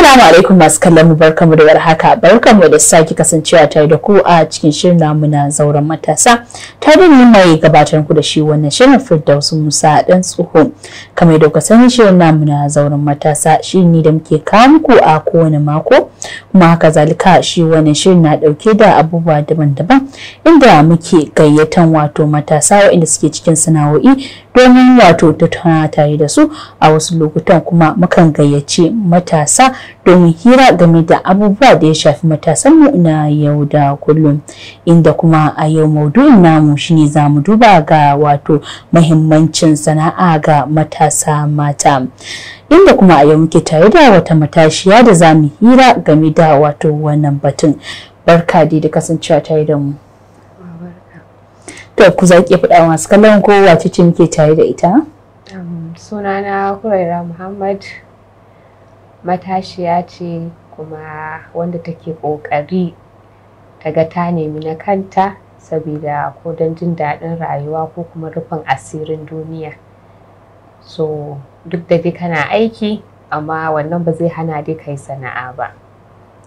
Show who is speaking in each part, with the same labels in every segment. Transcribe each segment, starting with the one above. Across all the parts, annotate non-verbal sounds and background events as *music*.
Speaker 1: Assalamu alaikum masu kallon mu barkamu da warhaka barkamu da sake kasancewa tare da ku a cikin shirin namu na zauren matasa tare ni mai gabatar ku da shi wannan shirin Firdaus Musa dan tsoho kamar da ku sani shirin namu na zauren matasa shi ne da muke kawo muku a kowane mako kuma haka zalika shi wannan shirin na dauke da abubuwa daban-daban inda muke gayyatan wato matasa waɗanda suke cikin sana'o'i komai wato ta tare da su a wasu lokutan kuma mukan gayyace matasa domin hira game da abubuwa da ya shafi matasan mu na yau da kullum inda kuma a yau maudu'in namu shine za mu duba ga wato mahimmancin sana'a ga matasa mata inda kuma a yau muke tare da wata matashiya da za mu hira game da wato wannan batun barka dai da kasancewa tare da mu to ku za ki faɗa masu kallon ko wace ce muke tare da ita
Speaker 2: sunana Huraira Muhammad matashiya ce kuma wanda take ƙoƙari ta ga ta nemi na kanta saboda ko don jin daɗin rayuwa ko kuma rufin asirin duniya so duk da dai kana aiki amma wannan ba zai hana dai kai sana'a ba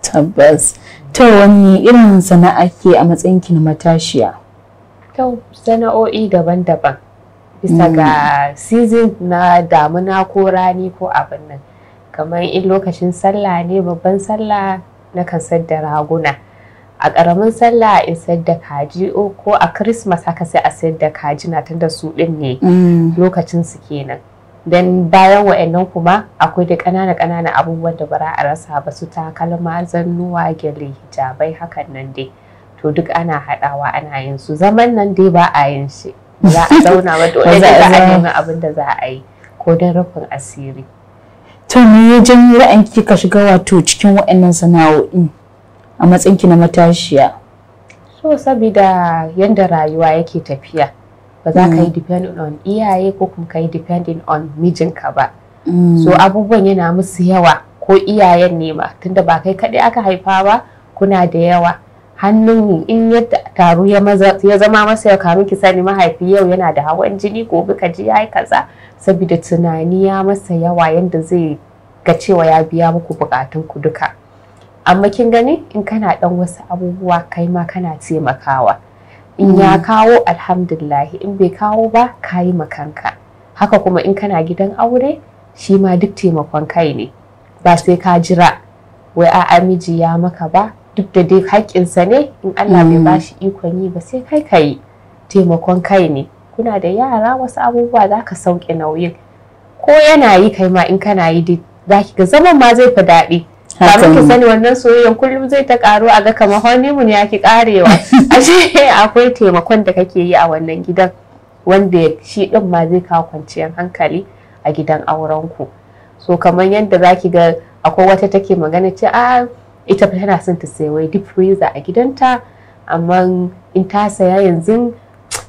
Speaker 1: tabbas to wani irin sana'a ke a matsayinki na matashiya
Speaker 2: kyau sana'o'i daban-daban bisa ga mm. season na damuna ko rani ko abin nan kamar in lokacin sallah ne babban sallah na kan sadda raguna a ƙaramin sallah in da kaji oh, ko a christmas haka sai a sayar da kaji na tunda su din ne mm. lokacin su kenan dan bayan wa'annan kuma akwai da ƙanana ƙanana abubuwan da bara a rasa ba su takalma zannuwa gyale hijabai hakan nan dai to duk ana haɗawa ana yin su zaman nan dai ba a yin shi za a *laughs* zauna ba to za a nemi abin da za a yi ko don rufin asiri
Speaker 1: to me ya janyo ra'ayin ka shiga wato cikin waɗannan sana'o'i a ki na matashiya
Speaker 2: so sabida yanda rayuwa yake tafiya ba za ka yi mm. depending on iyaye ko kuma ka yi depending on mijinka ba mm. so abubuwan yana musu yawa ko iyayen ne ba tunda ba kai kaɗai aka haifa ba kuna da yawa hannun in ya karu ya zama masa ya karu ki sani mahaifi yau yana da hawan jini gobe ka ji yayi kaza saboda tunani ya masa yawa yanda zai ga cewa ya biya muku bukatun ku duka amma kin gani in kana dan wasu abubuwa kai ma kana taimakawa in ya mm. kawo alhamdulillahi in bai kawo ba kayi makanka haka kuma in kana gidan aure shi ma duk taimakon kai ne ba sai ka jira wai a'a miji ya maka ba duk da dai haƙƙinsa ne in Allah bai mm. bashi ikon yi ba sai kai ka yi taimakon kai ne kuna da yara wasu abubuwa za ka sauke nauyin ko yana yi kai ma in kana yi dai za ga zaman ma zai fi daɗi ba ki sani wannan soyayyan kullum zai ta karu a ga kamar honeymoon ya ki karewa *laughs* ashe akwai taimakon da kake yi a wannan gidan wanda shi ɗin ma zai kawo kwanciyar hankali a gidan auren ku so kamar yadda za ki ga akwai wata take magana ce a ah, ita tana son ta saya wai deep freezer a gidanta amma in ta saya yanzu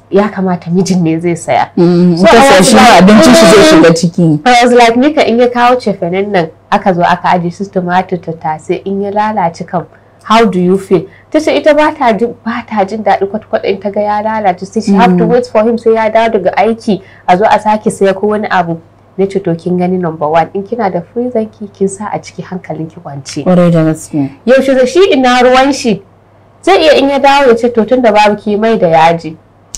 Speaker 2: ya kamata mijin ne zai saya.
Speaker 1: Mm, so ta shi abincin shi zai shiga mm. ciki.
Speaker 2: I was like nika in ya kawo cefenen nan aka zo aka aje su tumatir ta tase in ya lalace kam how do you feel? Ta ce ita ba ta jin ba ta jin daɗi kwatkwata in ta ga ya lalace sai she have to mm. wait for him sai ya dawo daga aiki a zo a sake saya ko wani abu. na ce to kin gani number one in kina da freezer ki kin sa a ciki hankalin ki kwance
Speaker 1: kwarai da gaske
Speaker 2: yaushe da shi ina ruwan shi zai iya in ya dawo ya ce to tunda babu ki mai da yaji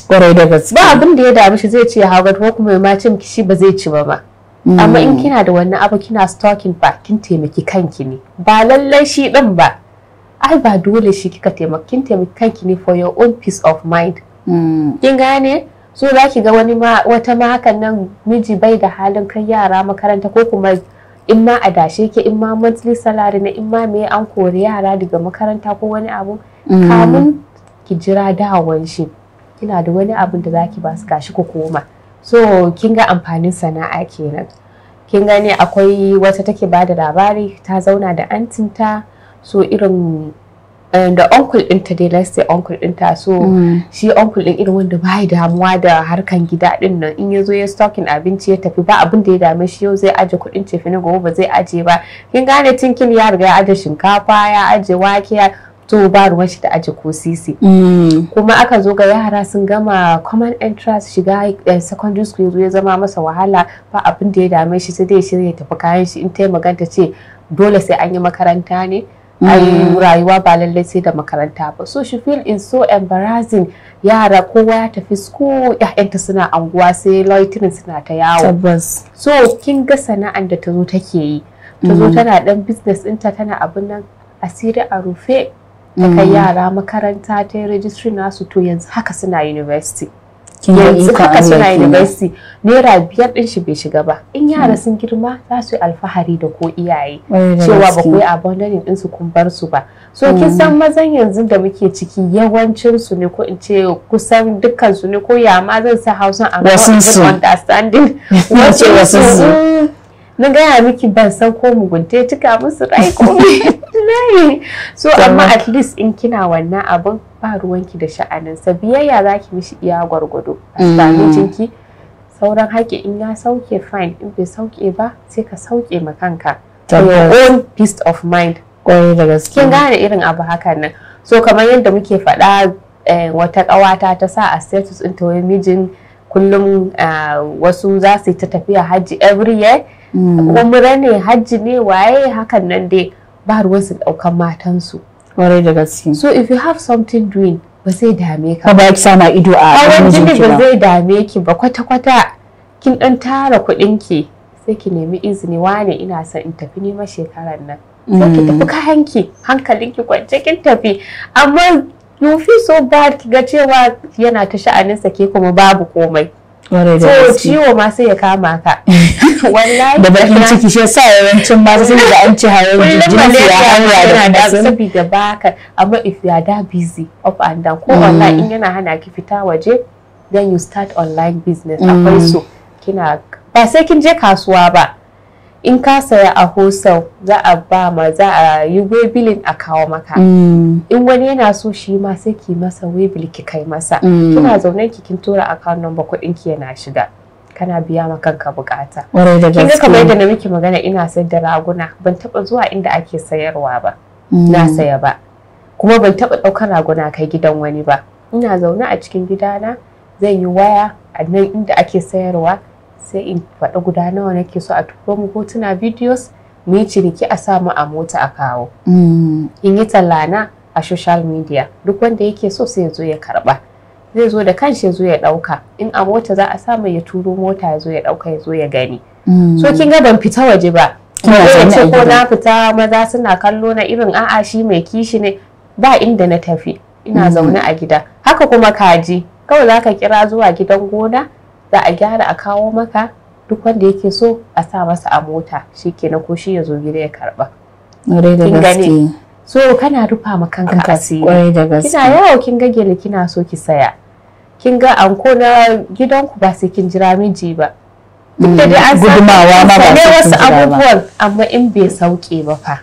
Speaker 2: kwarai da gaske ba abin da ya damu shi zai ce ya hawa ko kuma ma cin shi ba zai ci ba ba mm. amma in kina da wannan abu kina stalking ba kin taimaki kanki ne ba lallai shi din ba ai ba dole shi kika taimaki kin taimaki kanki ne for your own peace of mind mm. kin gane so za ki ga wani wata ma hakan nan miji bai da halin kai yara makaranta ko kuma in ma a dashe ke in ma monthly salary na in ma me an kori yara daga makaranta ko wani abu mm. kamun ki jira dawon shi kina da wani abun da zaki ba su gashi ku koma so kin ga amfanin sana'a kenan kin gane akwai wata take bada labari ta zauna da antinta so irin da uncle ɗinta dai let's say uncle ɗinta so mm. shi uncle ɗin irin wanda ba damuwa da harkan gida ɗin nan in ya zo ya stocking abinci ya tafi ba abin da ya dame shi yau zai aje kuɗin cefi na gobe ba zai aje ba kin gane tinkin ya riga ya aje shinkafa ya aje wake ya to ba ruwan shi da aje ko sisi mm. kuma aka zo ga yara sun gama common entrance shiga eh, secondary school ya zama masa wahala ba abin da ya dame shi sai dai shirya tafi kayan shi in ta maganta ce dole sai an yi makaranta ne ai mm. rayuwa ba lallai sai da makaranta ba so she feel in so embarrassing yara kowa ya tafi school ƴaƴanta suna anguwa sai loitering suna ta yawo so kin ga sana'an da tazo take yi Tazo mm. tana dan business ɗinta tana abin nan asiri a rufe
Speaker 1: ta kai mm. yara
Speaker 2: makaranta ta yi registry nasu to yanzu haka suna university yanzu kaka suna university naira biyar din shi bai shiga ba in yara mm. sun girma za su yi alfahari da ko iyaye cewa ba ku yi abandonin din su kun bar su ba so kin mm. san mazan yanzu da muke ciki yawancin su ne ko in ce kusan dukkan su ne ko ya ma zan sa hausa amma wasu understanding *laughs* wasu su mm. na gaya miki ban san ko mugunta cika musu rai ko *laughs* so amma at least in kina wannan abun. ba ruwanki da sha'aninsa biyayya za ki mishi iya gwargwado a mm. sauran haƙƙi in ya sauke fine in bai sauke ba sai ka sauke ma kanka your own peace of mind da gaske. kin gane irin abu hakan nan so kamar yadda muke faɗa eh, wata ƙawata ta sa a status ɗin ta mijin kullum eh, wasu za su ta tafiya hajji every year mm. umra ne hajji ne waye hakan nan dai ba ruwan su ɗaukan matansu kwarai da gaske so if you have something doing ba zai dame ka ba ki
Speaker 1: sama ido a hawan jini ba zai
Speaker 2: dame ki ba kwata kwata kin dan tara kuɗin ki sai ki nemi izini wane ina son in tafi ma shekaran nan sai ki mm. tafi hankalin hankalinki kwance kin tafi amma you feel so bad ga cewa yana ta sha'anin sa ke kuma babu komai. So ciwo ma sai ya kama ka. *laughs* *laughs* da bakin ciki shi
Speaker 1: yasa yawancin ba su da an ci hawan ya haura da sun
Speaker 2: saboda baka amma if you are that busy up and down ko wallahi mm. in yana hana ki fita waje then you start online business mm. akwai so kina ba sai kin je kasuwa ba in ka saya a hosau za a ba ma za a yi webilin a kawo maka mm. in wani yana so shi ma sai ki masa webil ki kai masa kina zaune ki kin tura account number kuɗin ki yana shiga kana biya ma kanka bukata kin ga kamar yadda na miki magana ina sayar da raguna ban taba zuwa inda ake sayarwa ba na mm. saya ba kuma ban taba daukar raguna kai gidan wani ba ina zaune a cikin gidana zan yi waya a nan inda ake sayarwa sai in faɗa guda nawa nake so a turo mu hotuna videos mu yi ciniki a samu a mota a kawo
Speaker 1: mm.
Speaker 2: in yi tallana a social media duk wanda yake so sai ya zo ya karba zai zo da kanshi ya zo ya ɗauka in a mota za a samu ya turo mota ya zo ya ɗauka ya zo ya gani mm. so kin ga ban fita waje ba ce ko na fita maza suna kallo na irin a'a shi mai kishi ne ba inda na tafi ina mm. zaune a gida haka kuma kaji kawai za ka kira zuwa gidan gona za a gyara a kawo maka duk wanda yake so a sa masa a mota shi kenan ko shi ya zo gida ya karba. so kana rufa ma kanka asiri. Kina yawo kin ga ni kina so ki saya. kin ga anko na gidanku ba sai kin jira miji ba
Speaker 1: duk da mm, an san wasu abubuwan
Speaker 2: amma in bai sauke ba fa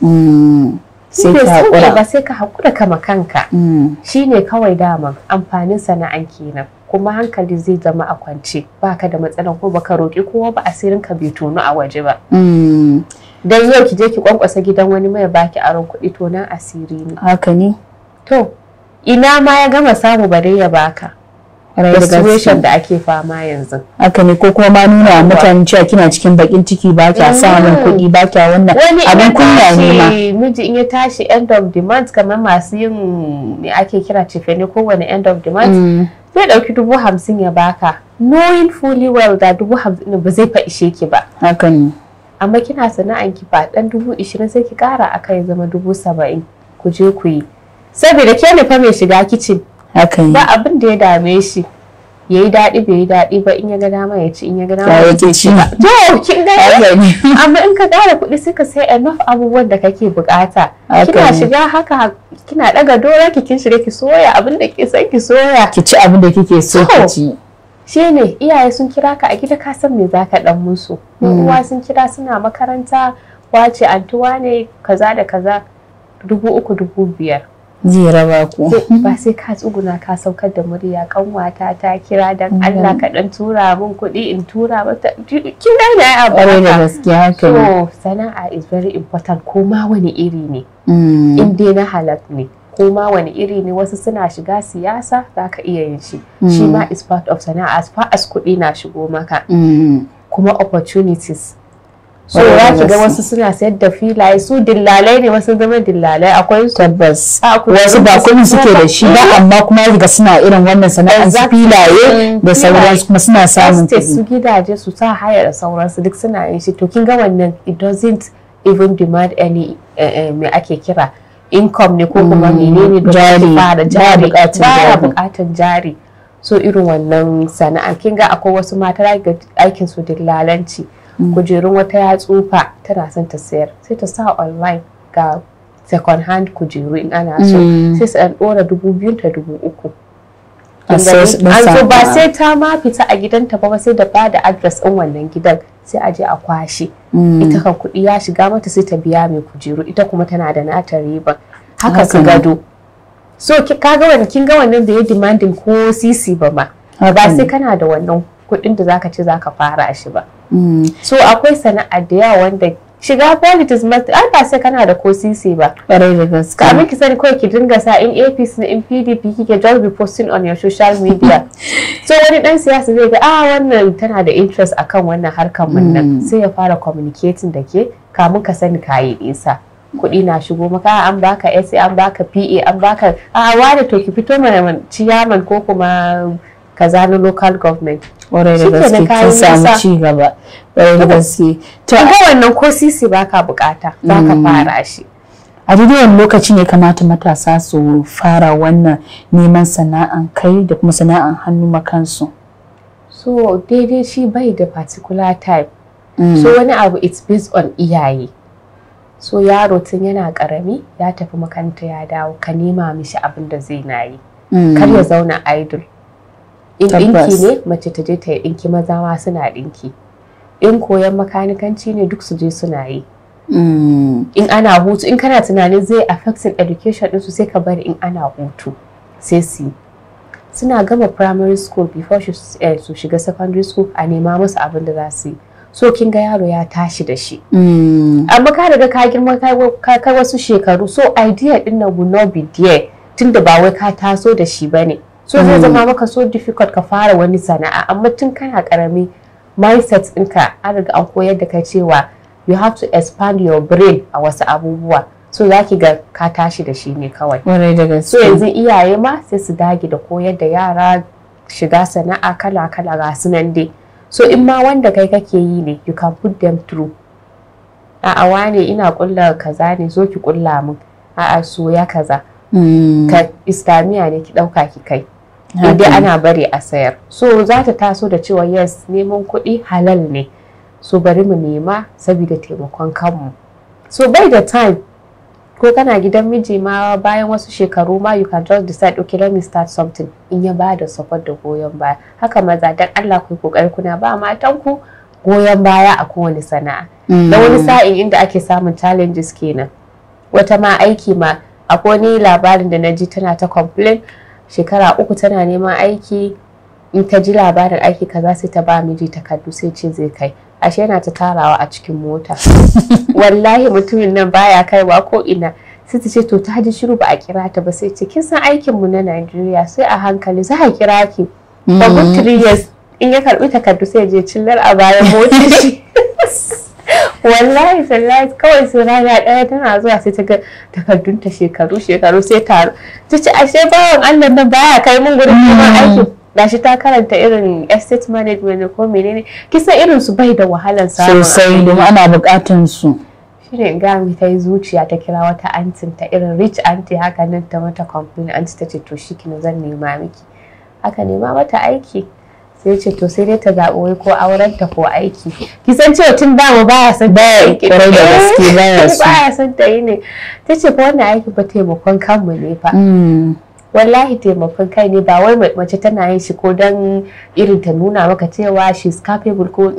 Speaker 1: mm, sai ka hakura ba
Speaker 2: sai ka hakura kama kanka mm. shine kawai dama amfanin sana'an kenan kuma hankali zai zama a kwance baka da matsala ko baka roƙi kowa ba asirin ka bai tono a waje ba dan yau ki je ki kwankwasa gidan wani mai baki aron kuɗi to nan asiri ne haka ne to ina ma ya gama samu bare ya baka situation da ake fama yanzu
Speaker 1: haka ne ko kuma ma nuna mutane cewa kina cikin bakin ciki ba kya samun mm. kuɗi ba kya wannan abin kunya ne ma
Speaker 2: miji in ya tashi end of the month kamar masu yin me ake kira ko kowane end of the month mm. zai dauki dubu hamsin ya baka knowing fully well da dubu hamsin ba zai fa ishe ki ba haka ne amma kina sana'an ki ba dan dubu ishirin sai ki kara akai zama dubu saba'in ku je ku yi saboda ke nufa mai shiga kicin ba abin da ya dame shi ya yi daɗi bai yi daɗi ba in ya ga dama ya ci in ya ga dama ya ci ci ba to kin ga *laughs* amma in ka ƙara kuɗi sai ka sai enough abubuwan da kake bukata kina shiga haka kina ɗaga dora ki kin shiga ki soya abin da ke son ki soya
Speaker 1: ki ci abin da kike so ki ci
Speaker 2: shi ne iyaye sun kira ka a gida ka san me za ka dan musu hmm. uwa sun kira suna makaranta wace antuwa ne kaza da kaza dubu uku dubu biyar
Speaker 1: jira ba ku
Speaker 2: ba sai ka tsuguna ka saukar da murya kanwata ta kira dan Allah ka dan tura min kuɗi in tura mata kin da a abu da
Speaker 1: gaskiya haka ne
Speaker 2: sana'a is very important ko ma wani iri ne
Speaker 1: mm. in
Speaker 2: dai na halak ne ko ma wani iri ne wasu suna shiga siyasa za ka iya yin shi shi mm. ma is part of sana'a as far as kuɗi na shigo maka mm. kuma opportunities
Speaker 1: so za ki ga wasu
Speaker 2: suna sayar da filaye su dillalai ne wasu zama dillalai akwai su tabbas ah, wasu ba suke da shi ba amma
Speaker 1: kuma ga suna irin wannan sana'ar su filaye mm, da sauransu kuma suna samun kuɗi
Speaker 2: su gidaje su sa haya da sauransu duk suna yin shi to kin ga wannan it doesn't even demand any eh, eh, me ake kira income ne ko kuma mm, menene da jari ba bukatan jari so irin wannan sana'a kin ga akwai wasu mata aikin su dillalanci kujerun wata ya tsufa tana son ta sayar sai ta sa online ga second hand kujeru in ana so mm. sai sa ɗora dubu biyu ta dubu uku an so ba sai ta ma fita a gidanta ba sai da bada adres ɗin wannan gidan sai a je a kwashe mm. ita kan kuɗi ya shiga mata sai ta biya mai kujeru ita kuma tana da nata riba haka su gado so kaga wannan kin ga wannan da ya demanding ko sisi ba ma ba sai kana da wannan kuɗin da zaka ci zaka fara shi ba mm. so akwai sana'a da yawa wanda shiga politics ma ai ba sai kana da ko sisi ba ƙwarai da gaske kamin ki sani kawai ki dinga sa in APC in PDP kike just be posting on your social media *laughs* so wani dan siyasa zai ga ah wannan tana da interest akan wannan harkar mun nan mm. sai ya fara communicating da ke kamin ka sani kayi isa kuɗi na shigo maka ah, an baka SA an baka PA an baka a ah, wani to ki fito mana ciyaman ko kuma ka local government ƙwarai da gaske samu ci gaba da gaske to wannan ko sisi baka bukata zaka mm. fara shi
Speaker 1: a daidai lokaci ne kamata matasa su fara wannan neman sana'an kai da kuma sana'an hannu makansu
Speaker 2: so daidai shi bai da particular type mm. so wani abu it's based on iyaye so yaro tun yana karami ya tafi makaranta ya dawo ka nema mishi abin da zai nayi. yi mm. kar ya zauna idle
Speaker 1: in dinki ne
Speaker 2: mace ta je ta yi ɗinki mazawa suna dinki in koyon makanikanci ne duk su je suna yi mm. in ana hutu in kana tunanin zai affecting education din su sai ka bari in ana hutu sai su suna gama primary school before eh, su shiga secondary school a nema musu abin da za su yi so kin ga yaro ya tashi da shi mm. amma ka daga ka girma ka kai wasu shekaru so idea din na will not be tunda ba wai ka taso da shi bane so zai zama mm. maka so difficult ka fara wani sana'a amma tun kana karami mindset ɗinka an riga an koyar da kai cewa you have to expand your brain a wasu abubuwa so za ki ga ka tashi da shi ne kawai so yanzu iyaye ma sai su dage da koyar da yara shiga sana'a kala kala ga su nan dai so in ma wanda kai kake yi ne you can put them through a'a wane ina kulla kaza ne zo ki kulla min a'a soya kaza mm. ka islamiya ne ki dauka ki kai idan ana bari a sayar so za ta taso da cewa yes neman kuɗi halal ne so bari mu nema saboda taimakon kanmu so by the time ko kana gidan miji ma bayan wasu shekaru ma you can just decide okay let me start something in ya ba da support da goyon baya haka maza dan Allah ku kokari kuna ba matan ku goyon baya a kowane sana'a da mm. wani sa'in inda ake samun challenges kenan wata ma aiki ma akwai wani labarin da na ji tana ta complain shekara uku tana neman aiki in ta ji labarin aiki kaza sai ta ba miji takardu sai ce zai kai ashe yana ta tarawa a cikin mota *laughs* wallahi mutumin nan baya kaiwa ko ina sai ta ce to ta ji shiru ba a kira ta ba sai ce kin san aikin mu na Najeriya sai a hankali za a kira ki mm. for good three years in ya karbi takardu sai ya je cillar a bayan motar shi *laughs* wallahi sallahi kawai sai rana ɗaya tana zuwa sai ta ga takardunta shekaru shekaru sai taro ta ce ashe bawan allah nan baya kai mun gurin kuma mm. aiki da shi ta karanta irin estate management ko menene kisa irin su bai da wahalan samun sosai domin ana
Speaker 1: bukatun su
Speaker 2: shine mi ta yi zuciya ta kira wata antin ta irin rich anti haka nan ta mata company anti ta ce to shi zan nema miki aka nema mata aiki sai ce to sai dai ta zaɓi wai ko auren ta ko aiki kisan cewa tun ba baya son ta da gaske baya *laughs* son baya san ta yi ne ta ce fa wannan aiki ba taimakon kanmu ne fa mm. wallahi taimakon kai ne ba wai mace tana yin shi ko don irin ta nuna maka cewa she is capable ko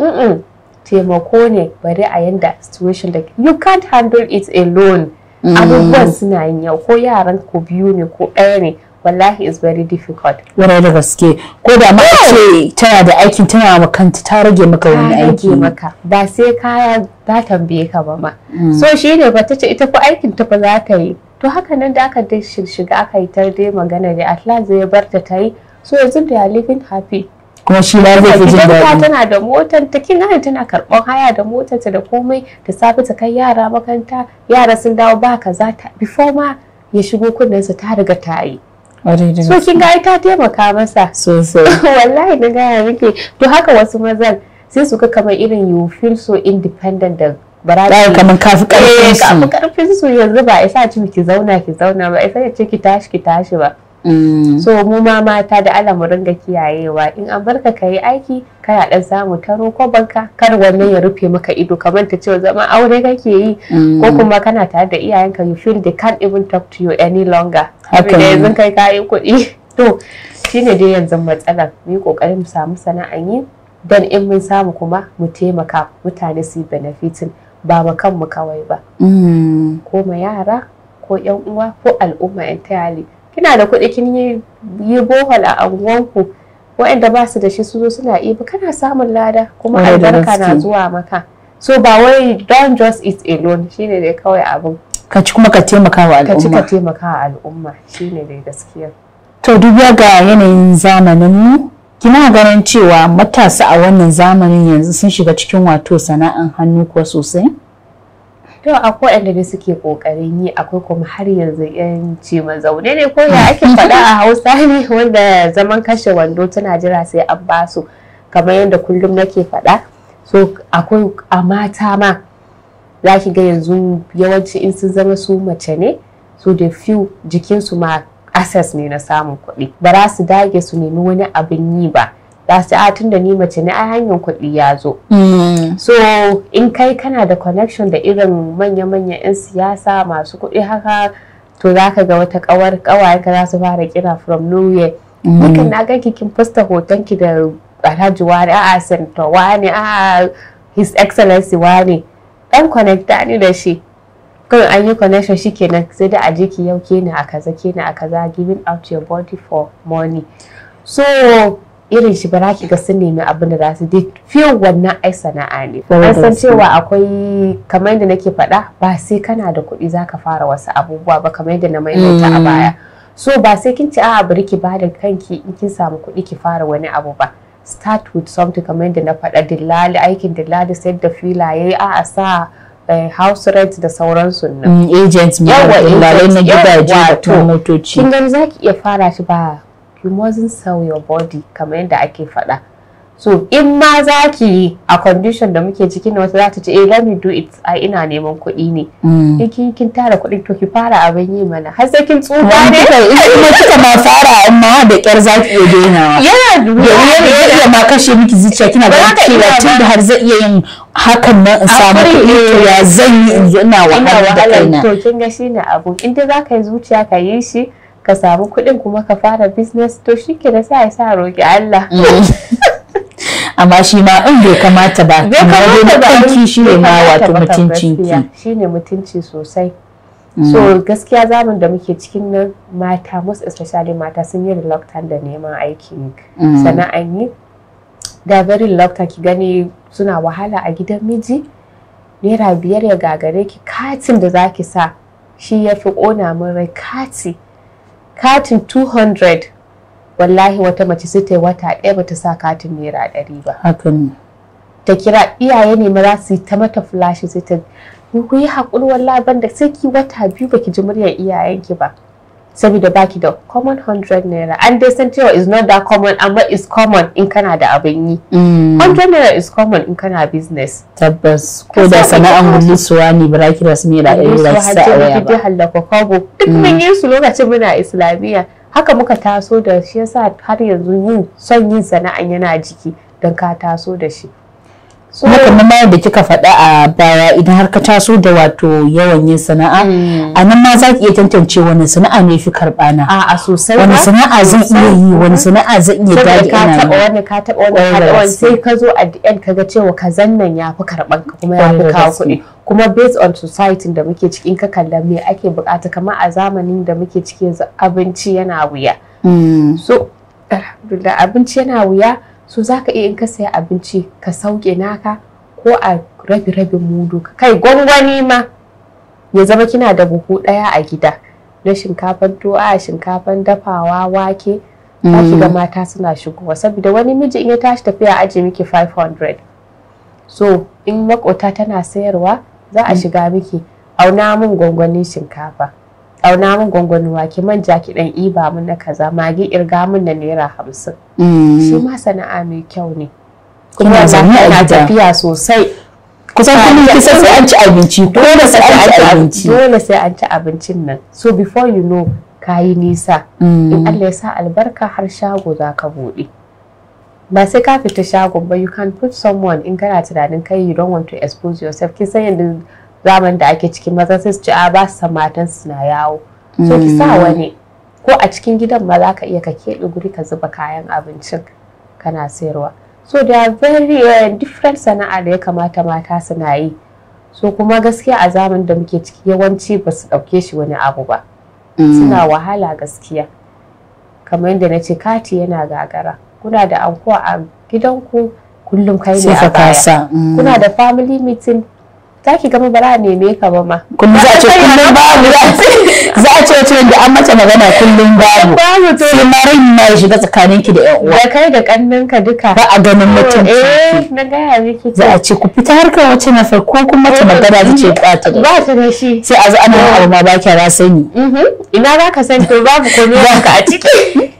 Speaker 2: taimako ne bari a yanda situation da you can't handle it alone mm. abubuwan suna yin yau ko yaran ko biyu ne ko ɗaya ne wallahi is very difficult
Speaker 1: wani da gaske ko da ma ce tana da aikin tana ma kanta ta rage maka wani aiki maka
Speaker 2: ba sai kaya za tambaye ka ba ma mm. so shi ne ba ta ce ita fa aikin ta ba za ta yi to haka nan da aka dai shiga aka yi ta dai magana da atla zai bar ta ta yi so yanzu da living happy
Speaker 1: kuma shi ba zai fi jin daɗi
Speaker 2: tana da motar ta kin ga tana karɓar haya da motar ta da komai da safe ta kai yara makaranta yara sun dawo ba kaza ta before ma ya shigo kunnen ta riga ta yi so kin ga ta taimaka masa sosai *laughs* wallahi na gaya miki to haka wasu mazan sai su ka kamar irin you feel so independent da baraki kamar kafi eh, karfin su su yanzu ba isa ci ki zauna ki zauna ba isa ya ce ki tashi ki tashi ba Mm. so mu ma mata da Allah mu ringa kiyayewa in an barka ka aiki kana dan samu taro ko banka kar wannan ya rufe maka ido ka manta cewa zama aure kake yi mm. ko kuma kana tare da iyayenka you feel they can't even talk to you any longer haka ne yanzu kai kayi kuɗi *laughs* to shine dai yanzu matsalar mu kokarin mu samu sana'an yi dan in mun samu kuma mu taimaka mutane su benefitin ba ba kanmu kawai ba
Speaker 1: mm.
Speaker 2: ko ma yara ko yan uwa ko al'umma entirely kina da kuɗi kin yi bohol a anguwanku wa'anda ba su da shi su zo suna iba kana samun lada kuma albarka na zuwa maka so ba wai don just it alone shine dai kawai abin
Speaker 1: ka ci kuma ka taimaka wa al'umma ka ci ka
Speaker 2: taimaka wa al'umma shine dai gaskiya
Speaker 1: to dubiya ga yanayin zamanin mu kina ganin cewa matasa a wannan zamanin yanzu sun shiga cikin wato sana'an hannu kuwa sosai
Speaker 2: to akwai wanda ne suke kokarin yi akwai kuma har yanzu yan ce mazaune ne ko ya ake faɗa a hausa ne wanda zaman kashe wando tana jira sai an basu kamar yadda kullum nake faɗa so akwai a mata ma za ki ga yanzu yawanci in sun zama su mace ne so da few jikinsu ma access ne na samun kuɗi ba za su dage su nemi wani abin yi ba da su a ah, tun da ni mace ne a hanyar kuɗi ya zo. Hmm. So in kai kana da connection da irin manya-manyan 'yan siyasa masu kuɗi haka to za ka ga wata kawar kawaye ka za su fara kira from nowhere. Mukan hmm. na ganki kin fusta hoton ki da Alhaji Wani a ah, Senator Wani a ah, His Excellency Wani dan connecta ni da shi. Kan an yi connection shi kenan sai da a jiki yau kenan a kaza kenan a kaza giving out your body for money. So irin shi ba za ki ga sun nemi abin da za su dai fiye wannan ai sana'a ne an san cewa akwai kamar yadda nake faɗa ba sai kana da kuɗi za ka fara wasu abubuwa ba kamar yadda na maimaita a mm. baya so ba sai kin ci a'a bari ki bada kanki in kin samu kuɗi ki fara wani abu ba start with something kamar yadda na faɗa dillali aikin dillali sayar da filaye a'a sa eh, house rent da sauransu nan. Mm, agents ma na gidaje da motoci. Kin gani za ki iya fara shi ba you mustn't sell your body kamar yadda ake faɗa so in ma za ki yi a condition da muke ciki na wata za ta ce eh let me do it a ina neman kuɗi ne mm. in kin kin tara kuɗi to ki fara abin yi mana har sai kin tsufa ne in ma kika ma fara
Speaker 1: ma da kyar za ki iya daina yana da yana da ma kashe miki zuciya kina da cewa tun da har zai iya yin hakan nan in samu kuɗi to ya eh. zan yi in zo ina wahala da kaina to
Speaker 2: kin ga shine abu in dai za ka yi zuciya ka yi shi ka samu kuɗin kuma ka fara business to shi ke da sa ya sa roƙi Allah mm.
Speaker 1: *laughs* amma shi ma in bai kamata ba shi ne ma wato mutuncin
Speaker 2: shi ne mutunci sosai mm. so gaskiya zamun da muke cikin nan mata most especially mata sun yi reluctant da neman aiki mm. sana'an yi da very reluctant ki gani suna wahala a gidan miji naira biyar ya gagare ki katin da za ki sa shi ya fi ƙona min rai kati katin 200 wallahi wata mace sai ta wata ɗaya ba ta sa katin naira ɗari ba hakan ta kira iyaye ne ma su yi ta mata flashi sai ta ku yi haƙuri wallahi banda sai ki wata biyu baki ji muryar iyayenki ba saboda baki da common hundred naira an dai san cewa is not that common amma is common in kana da abin yi mm. hundred naira is common in kana business tabbas ko da sana'an wani
Speaker 1: suwa ne bara kira su naira ɗari da su sa'a waya ba
Speaker 2: hallaka kogo duk mun mm. yi su lokacin muna islamiyya haka muka taso da shi yasa har yanzu yin son yin sana'an yana jiki don ka taso da shi
Speaker 1: kuma kamar ma yadda kika faɗa a baya idan har ka taso da wato yawan yin sana'a hmm. a nan ma za ki iya tantance wani sana'a ne fi karɓa na a sosai wani sana'a zan iya yi wani sana'a zan iya dadi ina ka taɓa wani
Speaker 2: ka taɓa wani ka taɓa wani sai ka zo a the end ka ga cewa kazan nan ya fi karɓan ka kuma ya fi kawo kuɗi kuma based on society da muke ciki in ka kalla me ake bukata kamar a zamanin da muke ciki yanzu abinci yana wuya hmm. so alhamdulillah abinci yana wuya so za ka iya in ka saya abinci ka sauke naka ko a rabi rabin mudu kai gwangwani ma ya zama kina da buhu ɗaya a gida na shinkafan tuwa shinkafan dafawa wake baki ga mm. mata suna shigowa saboda wani miji in ya tashi tafiya aje miki 500 so in makota tana sayarwa za a mm. shiga miki auna min gwangwanin shinkafa auna min gwangwani wake man jaki dan iba min na kaza magi irga min da naira hamsin mm. shi ma sana'a mai kyau ne
Speaker 1: kuma zaune a tafiya
Speaker 2: sosai kusan kuma ki sai an ci abinci ko da sai an ci abinci dole sai an ci abincin nan so before you know ka yi nisa mm. in Allah ya sa albarka har shago za ka buɗe ba sai ka fita shagon ba you can put someone in kana tunanin kai you don't want to expose yourself kin san yadda zaman da ake cikin maza sai su ci a ba su matan su na yawo so ki sa mm. wani ko a cikin gidan ma za ka iya ka keɓe guri ka zuba kayan abincin kana sayarwa so there are very uh, different sana'a da ya kamata mata suna yi so kuma gaskiya a zaman da muke ciki yawanci ba su ɗauke shi wani abu ba mm. suna wahala gaskiya kamar yadda na ce kati yana gagara kuna da anko a gidanku kullum kai ne a baya mm. kuna da family meeting za ki gama bara a neme ka ba ma. Kullum za a ce kullum babu *laughs* za a ce wacce da an mace magana
Speaker 1: kullum babu. Babu to. Sai ma rai ma ya shiga tsakanin ki da ƴan uwa. Da
Speaker 2: kai da kannin ka duka. Ba a ganin oh, mutum. Eh na gaya miki. Za a ce ku
Speaker 1: fita harkar wacce na farko kuma mace magana ta ce ba ta da. Ba
Speaker 2: ta da shi. Sai a zo ana yin oh. alma ba ki ra sani. Mhm. Ina za ka san to babu komai wanka a ciki. *laughs*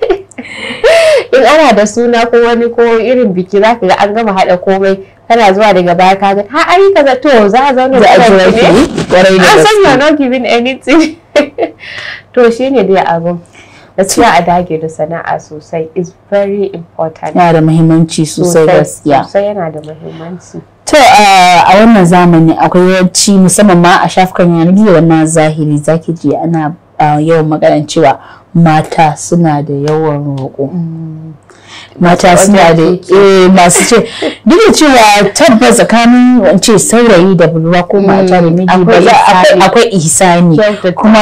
Speaker 2: In ana da suna ko wani ko irin biki za ka ga an gama haɗa komai tana zuwa daga baya ka ga ha ai kaza to za a zauna da ajiyar ne kwarai da ah, gaske I'm not giving anything *laughs* to shine dai abun gaskiya a dage da sana'a sosai is very important yana da
Speaker 1: muhimmanci sosai gaskiya sosai
Speaker 2: yana da muhimmanci
Speaker 1: to a wannan zamani akwai yawanci musamman ma a shafukan yanar gizo wannan zahiri zaki ji ana yawan maganar cewa mata suna da yawan roƙo mm. mata suna da eh masu ce duk da cewa tabbas tsakanin wance saurayi da bulwa ko hmm. mata da miji akwai ihsani kuma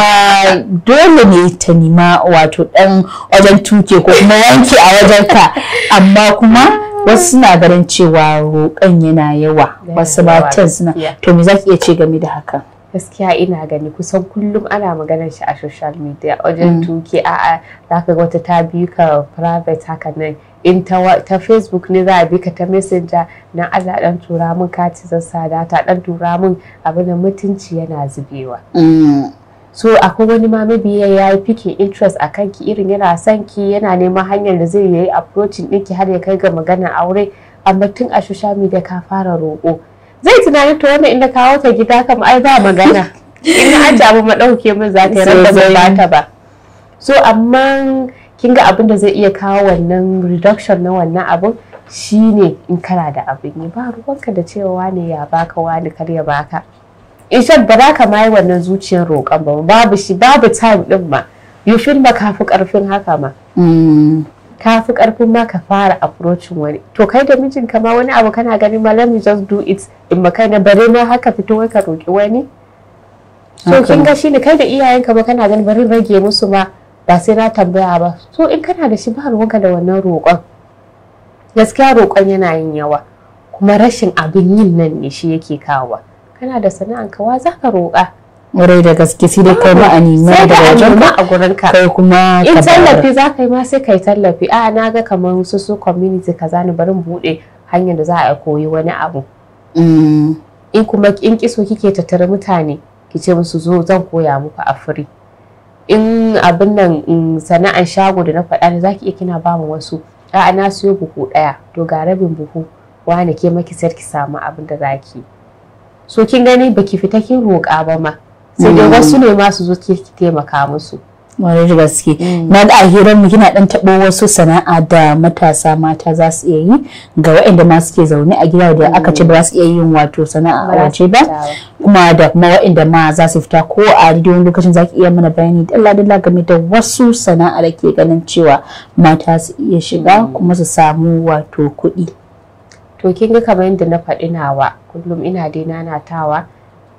Speaker 1: dole ne ta nima wato dan wajen tuke ko kuma wanke a wajen ka amma kuma wasu suna ganin cewa roƙon yana yawa wasu matan suna to me zaki iya ce
Speaker 2: game da haka gaskiya ina gani kusan kullum ana maganar shi a social media wajen mm. tuki a'a zaka ga wata ta biyu ka private haka nan in ta, facebook ne za a bi ka ta messenger na Allah dan tura min kati zan sa data dan tura min abin da mutunci yana zubewa
Speaker 1: mm.
Speaker 2: so akwai wani ma mabiya ya yi fike interest a kanki irin yana son ki yana neman hanyar da zai yi approaching ɗinki har ya kai ga maganar aure amma tun a social media ka fara roƙo zai tunanin to wannan inda kawo ta gida kam ai ba magana in na ci abu madauke min za ta yarda ranta bata ba so amma kin ga abin da zai iya kawo wannan reduction na wannan abun shine in kana da abin yi ba ruwanka da cewa ne ya baka wani kar ya baka in short ba za ka mai wannan zuciyar roƙon ba babu shi babu time din ma you feel ma kafi karfin haka ma mm. ka fi karfin ma ka fara approaching wani to kai da mijinka ma wani abu kana ganin ma let me just do it in makana bare ma haka fito wai ka roki wani so kin ga shine kai da iyayenka ma kana ganin bari rage musu ma ba sai na tambaya ba so in kana da shi ba ruwanka da wannan roƙon gaskiya roƙon yana yin yawa kuma rashin abin yin nan ne shi yake kawowa kana da ka wa za ka roƙa murai da gaske sai dai kai ma a da wajen ba a gurin ka kai
Speaker 1: kuma in tallafi
Speaker 2: za ka yi ma sai kai tallafi a na ga kamar wasu, su community kaza ni barin buɗe hanyar da za a koyi wani abu mm. in kuma in kiso kike tattara mutane ki ce musu zo zan koya muku a firi in abin nan sana'an shago da na faɗa ne za ki iya kina ba mu wasu a na siyo buhu ɗaya to ga rabin buhu wani ke maki sai ki samu abin da za ki? so kin gani baki fita kin roƙa ba ma sai dai mm. wasu ne ma su zo ki taimaka musu
Speaker 1: wani da gaske mm. na da hirar mu kina dan tabo wasu sana'a da matasa mata za su iya yi ga waɗanda ma suke zaune a gida da aka ce ba su iya yin wato sana'a a wace ba kuma da kuma waɗanda ma za su fita ko a rediyon lokacin zaki iya mana bayani dalla dalla game da wasu sana'a da ke ganin cewa mata su iya shiga mm. kuma su samu wato kuɗi.
Speaker 2: to kin ga kamar yadda na faɗi nawa kullum ina dai nanatawa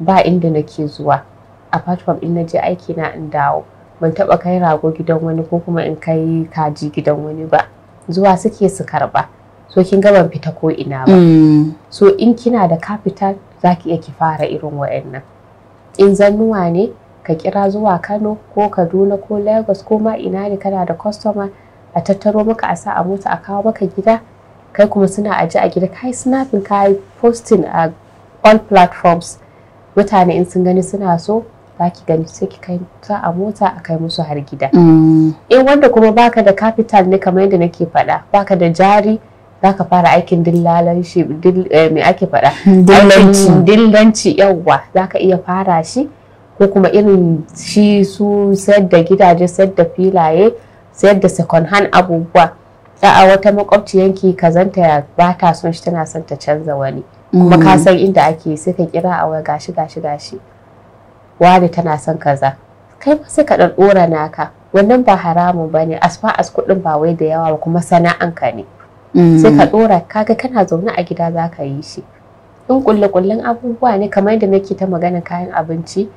Speaker 2: ba inda nake zuwa apart from in naje aiki na in dawo ban taba kai rago gidan wani ko kuma in kai kaji gidan wani ba zuwa suke su karba so kin ga ban fita ko ina ba
Speaker 1: hmm.
Speaker 2: so in kina da capital zaki iya ki fara irin wayannan in zannuwa ne ka kira zuwa Kano ko Kaduna ko Lagos ko ma ina ne kana da customer a tattaro maka a sa a mota a kawo maka gida kai kuma suna aje a gida kai snapping kai posting a all platforms mutane in sun gani suna so ba ki gani sai ki kai ta a mota a kai musu har gida mm. eh wanda kuma baka da capital ne kamar yadda nake faɗa baka da jari ka fara aikin dillalanci eh, me ake faɗa dillanci dillanci yawwa zaka iya fara shi ko kuma irin shi su sayar da gidaje sayar da filaye sayar da second hand abubuwa a wata makwabciyanki kazanta ba ta son shi tana son ta canza wani kuma ka mm. san inda ake sai ka kira a waya gashi gashi gashi wani tana son kaza kai ma sai ka ɗan ɗora naka wannan ba haramun bane ne as far as kuɗin ba wai da yawa ba kuma sana'anka ne mm. sai ka ɗora kaga kana zaune a gida zaka yi shi in kulle-kullen abubuwa ne kamar yadda nake ta magana kayan abinci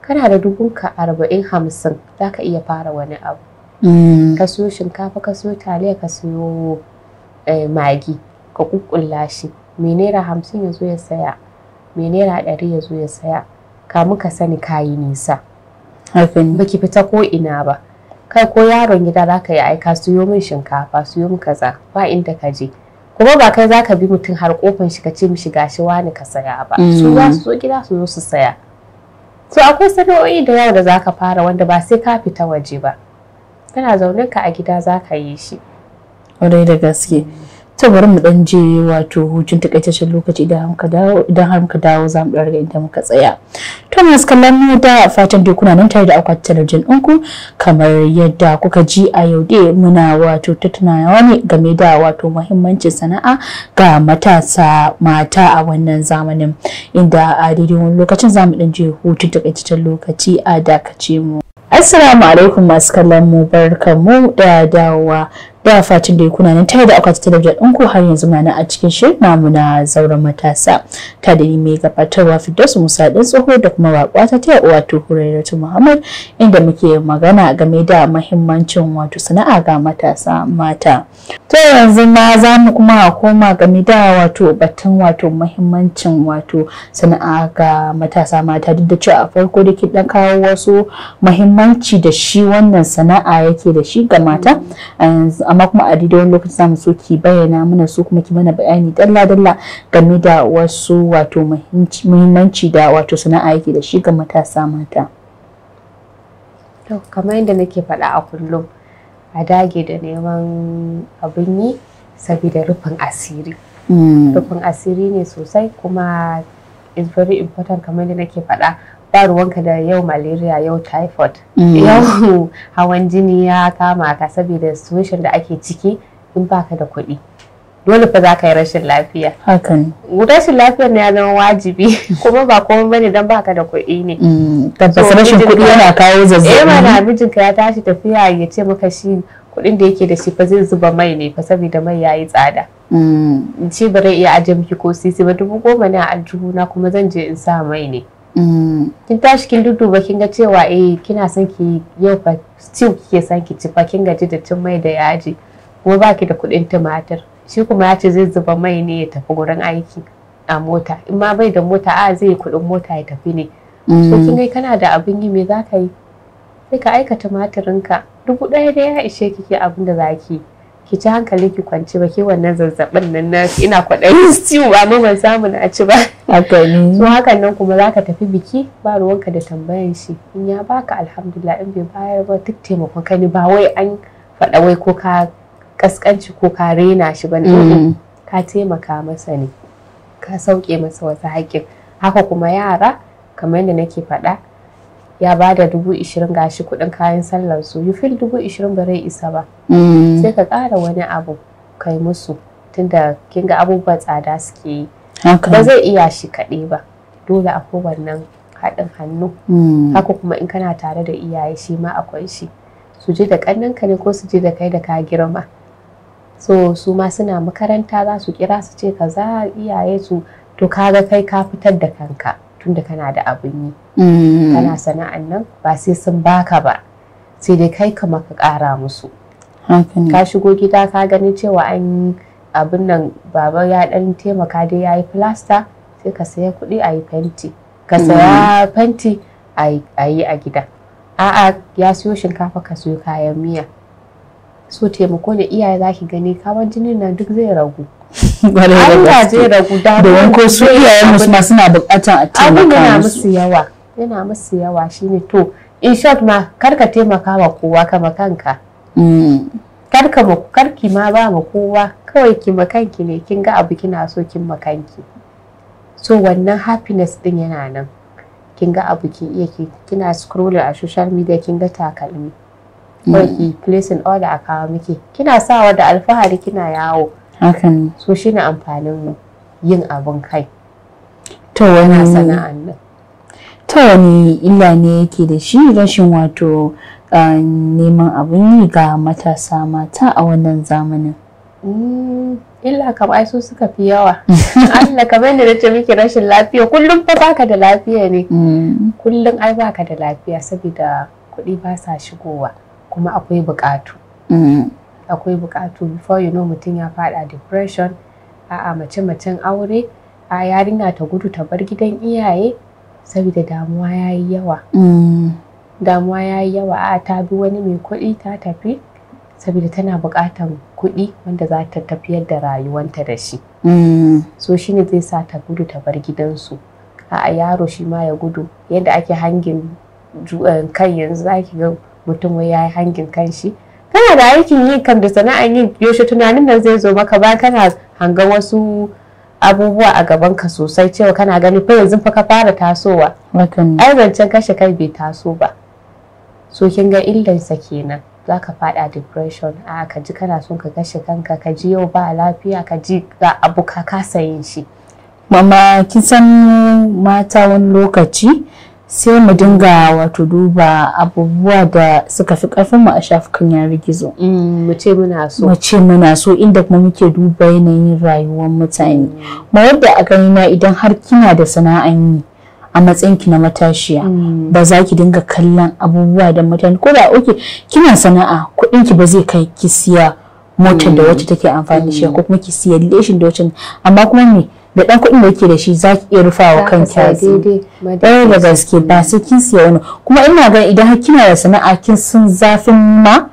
Speaker 2: kana da dubunka arba'in hamsin za ka iya fara wani abu mm. ka siyo shinkafa ka siyo taliya ka siyo eh, magi ka kukkulla shi me naira hamsin ya zo ya saya me naira ɗari ya zo ya saya kamu ka sani kayi nisa baki fita ko ina ba kai ko yaron gida za ka yi aika suyo min shinkafa suyo min kaza ba inda ka je kuma ba kai za ka bi mutum har kofin shi ka ce mishi gashi wani ka saya ba mm. su za su zo gida su zo su saya To akwai sana'o'i da yawa da za ka fara wanda ba sai ka fita waje ba kana zaune ka a gida za ka yi shi
Speaker 1: kwarai da gaske mm. to bari mu dan je wato hutun takaitaccen lokaci idan muka dawo idan har muka dawo za mu dan ga inda muka tsaya to masu kallon mu da fatan dai kuna nan tare da akwati talabijin ɗinku kamar yadda kuka ji a yau dai muna wato tattunawa ne game da wato muhimmancin sana'a ga matasa mata a wannan zamanin inda a daidai wani lokacin za mu dan je hutun takaitaccen lokaci a dakace mu Assalamu alaikum masu kallon mu barkamu da dawowa ya fatin da ya kuna nan tare da akwatin talabijin ɗin ko har yanzu na a cikin shirin namu na zauren matasa ta da ni mai gabatarwa dasu Musa ɗin tsoho da kuma wakwa ta taya wato Hurairatu Muhammad inda muke magana game da mahimmancin wato sana'a ga matasa mata. To yanzu ma za mu kuma koma game da wato batun wato mahimmancin wato sana'a ga matasa mata duk da cewa a farko da ke ɗan kawo wasu mahimmanci da shi wannan sana'a yake da shi ga mata. amma kuma a daidai wani lokacin zamu so ki bayyana mana su kuma ki mana bayani dalla dalla game da wasu wato muhimmanci da wato sana'a yake da shi ga matasa mata
Speaker 2: to kamar yadda nake faɗa a kullum a dage da neman abin yi saboda rufin asiri
Speaker 1: mm. rufin
Speaker 2: asiri ne sosai kuma it's very important kamar yadda nake faɗa ba ruwanka da yau malaria yau typhoid mm. yau *laughs* hawan jini ya kama ka saboda situation da ake ciki in baka da kuɗi dole fa za ka yi rashin lafiya hakan rashin lafiyar ne ya zama wajibi *laughs* kuma ba komai bane dan baka da kuɗi ne mm. tabbas rashin kuɗi yana kawo zazzabi eh mana mijinka ya tashi tafiya ya ce maka shi kuɗin da yake da shi fa zai zuba mai ne fa saboda mai yayi tsada ce mm. ba zai iya ajiye miki ko sisi ba dubu goma ne a aljihuna kuma zan je in sa mai ne Mm. kin tashi kin duduba kin ga cewa eh kina son ki yau fa still kike son ki ci fa kin gaji da cin mai da yaji kuma baki da kuɗin tumatir shi kuma ya ce zai zuba mai ne ya tafi gurin aiki a mota in ma bai da mota a zai kuɗin mota ya tafi ne mm. so kin ga kana da abin yi me zaka yi sai ka aika tumatirinka dubu daya da ya ishe kike abin da za yi ki ci hankali ki kwanci ba ki wannan zazzabin nan na ina kwaɗayi *laughs* stew ba mu ban samu na ci ba haka so hakan nan kuma zaka tafi biki ba ruwanka da tambayan shi in ya baka alhamdulillah in bai bayar ba duk taimakon ka ne ba wai an faɗa wai ko ka kaskanci ko ka rena shi ba mm. ka taimaka masa ne ka sauke masa wasu haƙƙin haka kuma yara kamar yadda nake faɗa ya ba da dubu ishirin gashi kuɗin kayan sallar su you feel dubu ishirin ba zai isa ba
Speaker 1: mm. sai ka
Speaker 2: ƙara wani abu kai musu tunda kin ga abubuwa tsada suke yi ba zai iya shi kaɗe ba dole a wannan haɗin hannu mm. haka kuma in kana tare da iyaye shi ma akwai shi su je da ka ne ko su je da kai da ka girma so su ma suna makaranta za su kira su ce ka za iyaye su to kaga kai ka fitar da kanka tunda kana da abin yi
Speaker 1: mm. kana
Speaker 2: sana'an nan ba sai sun baka ba sai dai kai kama ka kara musu ka shigo gida ka gani cewa an abin nan baba ya ɗan taimaka dai ya yi filasta sai ka saya kuɗi a yi fenti ka mm. saya fenti a yi a gida a'a ya siyo shinkafa ka siyo kayan miya so taimako da iyaye za ki gani kawan jinin nan duk zai ragu an *laughs* gajera guda su iyayen musu ma suna
Speaker 1: bukatar a taimaka yana musu
Speaker 2: yawa yana musu yawa shine to in short ma karka taimaka wa kowa kama kanka mm. karka ma karki ma ba ma kowa kawai ki makanki ne kin ga abu kina so kin makanki so wannan happiness din yana nan kin ga abu ki iya kina scroll a social media kin ga takalmi kawai mm. ki placing order a kawo miki kina sawa da alfahari kina yawo hakan so shine amfanin yin abin kai
Speaker 1: to wani sana'an nan To wani illa ne yake da shi rashin wato neman abin yi ga matasa mata a wannan zamanin
Speaker 2: mm, illa kam ai su suka fi yawa *laughs* Allah kamar yadda nace miki rashin lafiya kullum fa baka da lafiya ne mm. kullum ai baka da lafiya saboda kuɗi ba sa shigowa kuma akwai buƙatu mm. akwai bukatu before you know mutum ya faɗa depression 'a mace-macen aure a yarinya ta gudu ta bar gidan iyaye saboda damuwa ya yi yawa mm. damuwa ya yi yawa a ta bi wani mai kuɗi ta tafi saboda tana bukatan kuɗi wanda za ta tafiyar da rayuwanta da shi mm. so shi ne zai sa ta gudu ta bar gidansu a yaro shi ma ya gudu yadda ake hangin eh, kan yanzu za ki ga mutum ya yi hangin kan shi kana da aikin yin kan da sana'an yin yaushe tunanin da zai zo maka ba kana hanga wasu abubuwa a gaban ka sosai cewa kana gani fa yanzu fa ka fara tasowa ai zancen kashe kai bai taso ba so kin ga illarsa kenan za ka fada depression a ka ji kana son ka kashe kanka ka ji yau ba lafiya ka ji ga abu ka kasa shi
Speaker 1: mama kin san mata wani lokaci sai mu dinga wato duba abubuwa da suka fi mu a shafukan yanar gizo. Mm, mu muna so. Mu muna so inda kuma muke duba yanayin rayuwar mutane. Mm. Ma yadda a gani na idan har kina da sana'an yi a matsayinki na matashiya mm. ba za ki dinga kallon abubuwa da mutane ko da oke kina sana'a kuɗinki ba zai kai ki siya motar da wacce take amfani da shi ko kuma ki siya leshin da wacce amma kuma me da dan kuɗin da yake da shi za ki iya rufawa kanki asiri ɗaya da gaske ba sai kin siya wani kuma ina ga idan har kina da sana'a kin sun zafin ma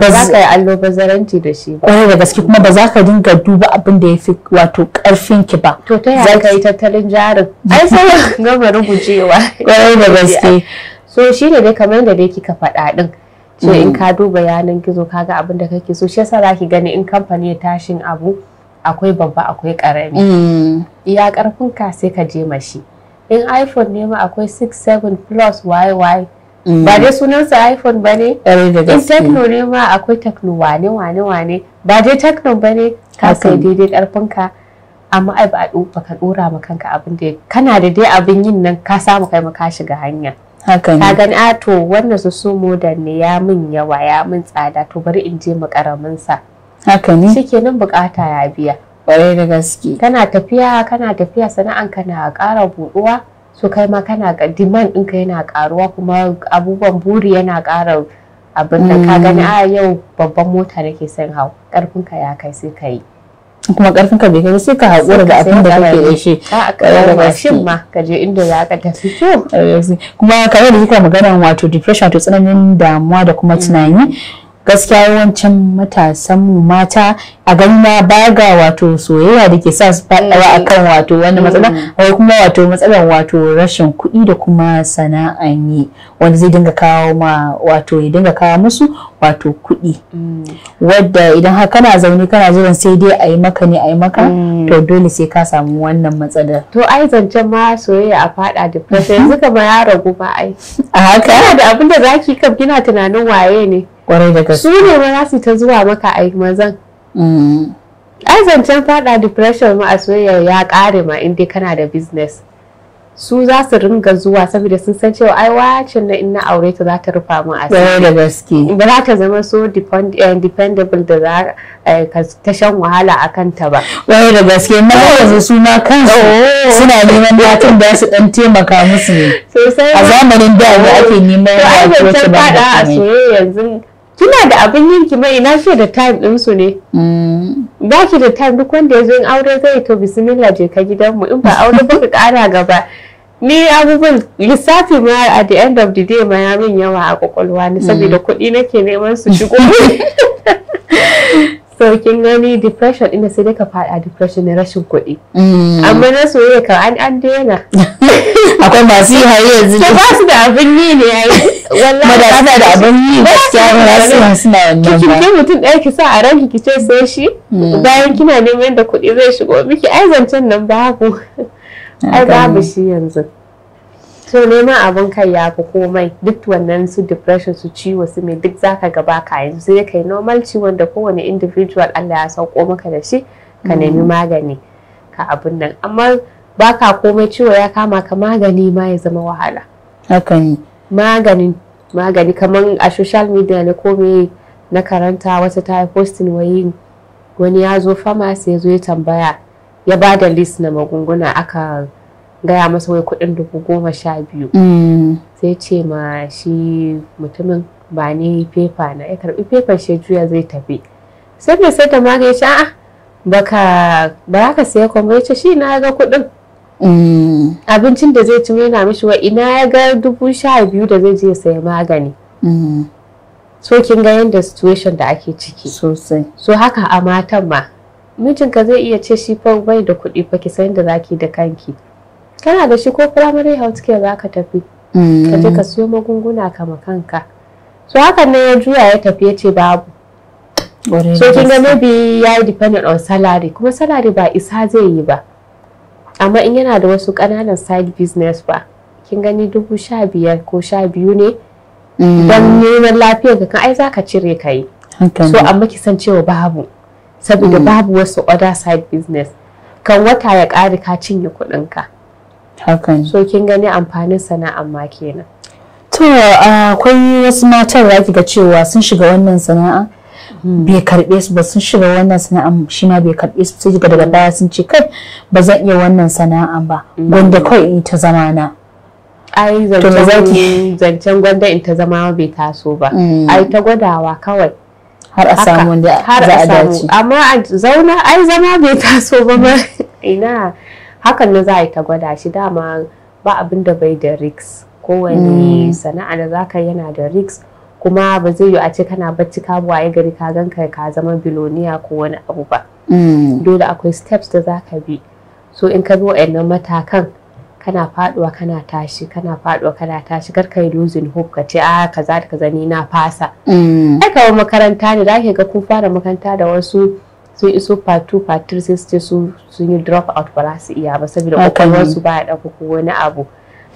Speaker 2: ba za ka yi allo bazaranci da shi ba kwarai
Speaker 1: da gaske kuma ba za ka dinga duba abin da ya fi wato karfin ki ba
Speaker 2: to ta yaya ka yi tattalin jarin ai sai *laughs* gama rubucewa kwarai da gaske so shi ne dai kamar yadda dai kika faɗa din ce in mm. ka duba yanan gizo kaga abin da kake so shi yasa zaki gani in kamfani ya tashin abu akwai babba akwai karami mm. iya karfin ka sai ka je mashi in iphone ne ma akwai 6 7 plus yy mm. ba dai sunansa iphone ba ne in techno ne ma akwai techno wane wane wane ba dai techno ba ne ka sai daidai karfin ka amma ai ba ka dora ma kanka abin da kana da dai abin yin nan ka samu kai ma ka shiga hanya Hakan. Ka gani a ah, to wannan su su modan ne ya min yawa ya min tsada to bari in je makaramin sa. haka ne kenan bukata ya biya kwarai da gaske kana tafiya kana tafiya sana'anka na ƙara buɗuwa so kai ma kana diman ɗinka yana ƙaruwa kuma abubuwan buri yana ƙara abin da ka gani a ah, yau babban mota nake son hau ƙarfinka ya kai sai ka yi
Speaker 1: kuma karfin ka bai kai sai ka haƙura da abin da kake da shi a ƙarar shin
Speaker 2: ma ka je inda za ka tafi to
Speaker 1: kuma kamar da kika magana wato depression to tsananin damuwa da kuma mm. tunani gaskiya yawancin matasan mu mata a gani na baga wato soyayya da ke sa su faɗawa mm. a kan wato wani matsala mm. wai kuma wato matsalar wato rashin kuɗi da kuma sana'an yi wanda zai dinga kawo ma wato ya dinga kawo musu wato kuɗi mm. wadda idan haka kana zaune kana jiran sai dai a yi maka ne a yi maka
Speaker 2: to dole sai ka samu wannan matsalar to ai zancen ma soyayya a faɗa da depression yanzu kamar ya ragu ba ai *laughs* a haka da abin da zaki kam kina tunanin waye ne kwarai su ne ma za su ta zuwa maka mazan mm. ai zancen fada a soyayya ya kare ma in dai da business su ringa zuwa saboda sun san cewa ai wacin na ina aure ta za ta rufa mu sai da gaske ba za ta zama so eh, dependable da za eh, ta shan wahala a kanta ba wai
Speaker 1: da gaske na yanzu su na kansu oh. suna neman datin da su dan taimaka musu
Speaker 2: a zamanin da ake neman a kina da abin yin ki mai na ce da time din su ne mm. ba ki da time duk wanda ya zo in aure zai to bismillah je ka mu in ba aure ba ka kara gaba ni abubuwan lissafi ma a the end of the day ma ya min yawa a kwakwalwa ni saboda mm. kuɗi nake neman su shigo *laughs* *laughs* so kin gani depression ina sai dai ka faɗa depression na rashin kuɗi mm. amma na soyayya ka an an daina
Speaker 1: *laughs* akwai masu yi har yanzu ke ba su da
Speaker 2: abin yi ne ai wallahi ba da abin yi gaskiya ba su masu na wannan ba kike mutum ɗaya ki sa a ranki ki ce sai shi mm. bayan kina neman da kuɗi zai shigo miki ai zancen nan babu ai babu shi yanzu so neman abin kai ya fi komai duk wannan su depression su ciwo su mai duk zaka gaba ka yanzu sai kai normal ciwon da kowane individual Allah ya sauko maka da shi ka mm. nemi magani ka abin nan amma baka komai ciwo ya kama ka magani ma ya zama wahala hakan magani magani kamar a social media ne ko na karanta wata ta posting wayi wani ya zo pharmacy ya zo ya tambaya ya ba da list na magunguna aka gaya masa wai kuɗin dubu goma sha biyu mm. sai ce ma shi mutumin ba ni fefa na ya karbi fefa shi juya zai tafi sai mai sai ta maga ya ce a'a baka ba ka saya kwambo ya ce shi na ga kuɗin mm. abincin da zai ci na mishi wa ina ya ga dubu sha biyu da zai je saya magani mm. so kin ga yadda situation da ake ciki sosai so haka a matan ma mijinka zai iya ce shi fa bai da kuɗi fa ki san da zaki da kanki kana da shi ko primary health care za ka tafi ka je ka siyo magunguna kama kanka so hakan nan ya juya ya tafi ya ce babu so kin ga maybe ya yi dependent on salary kuma salary ba isa zai yi ba amma in yana da wasu ƙananan side business ba kin gani dubu sha biyar ko sha biyu ne mm. don neman lafiyar ka kan ai za ka cire ka yi so amma ki san cewa babu
Speaker 1: saboda mm. babu
Speaker 2: wasu other side business kan wata ya ƙari ka cinye kuɗinka. ka hakan so kin gani amfanin sana'ar ma kenan
Speaker 1: to akwai wasu matan da ga cewa sun shiga wannan sana'a hmm. bai karbe su ba sun shiga wannan sana'a shi ma bai karbe su sai daga baya sun ce kai ba zan iya wannan sana'a ba hmm. gwanda kawai in ta zama na
Speaker 2: ai zancen gwanda in ta zama bai taso ba hmm. ai ta gwadawa kawai
Speaker 1: har a samu da za a dace
Speaker 2: amma a zauna ai zama bai taso ba ma ina hakan na za a yi ta gwada shi dama ba abin da bai da risk kowane mm. sana'a da zaka yana da risk kuma ba zai yi a ce kana bacci ka buwaye gari ka gan kai ka zama biloniya ko wani abu ba mm. dole akwai steps da zaka bi so in ka bi wa'annan matakan kana faduwa kana tashi kana faduwa kana tashi kar kai losing hope ka ce a kaza da kaza ni na fasa
Speaker 1: mm. ai
Speaker 2: kawo makaranta ne da ake ga ku fara makaranta da wasu sun iso part 2 part 3 sai su su sun yi drop out ba za su iya ba saboda kwakwalwar su ba ya ko wani abu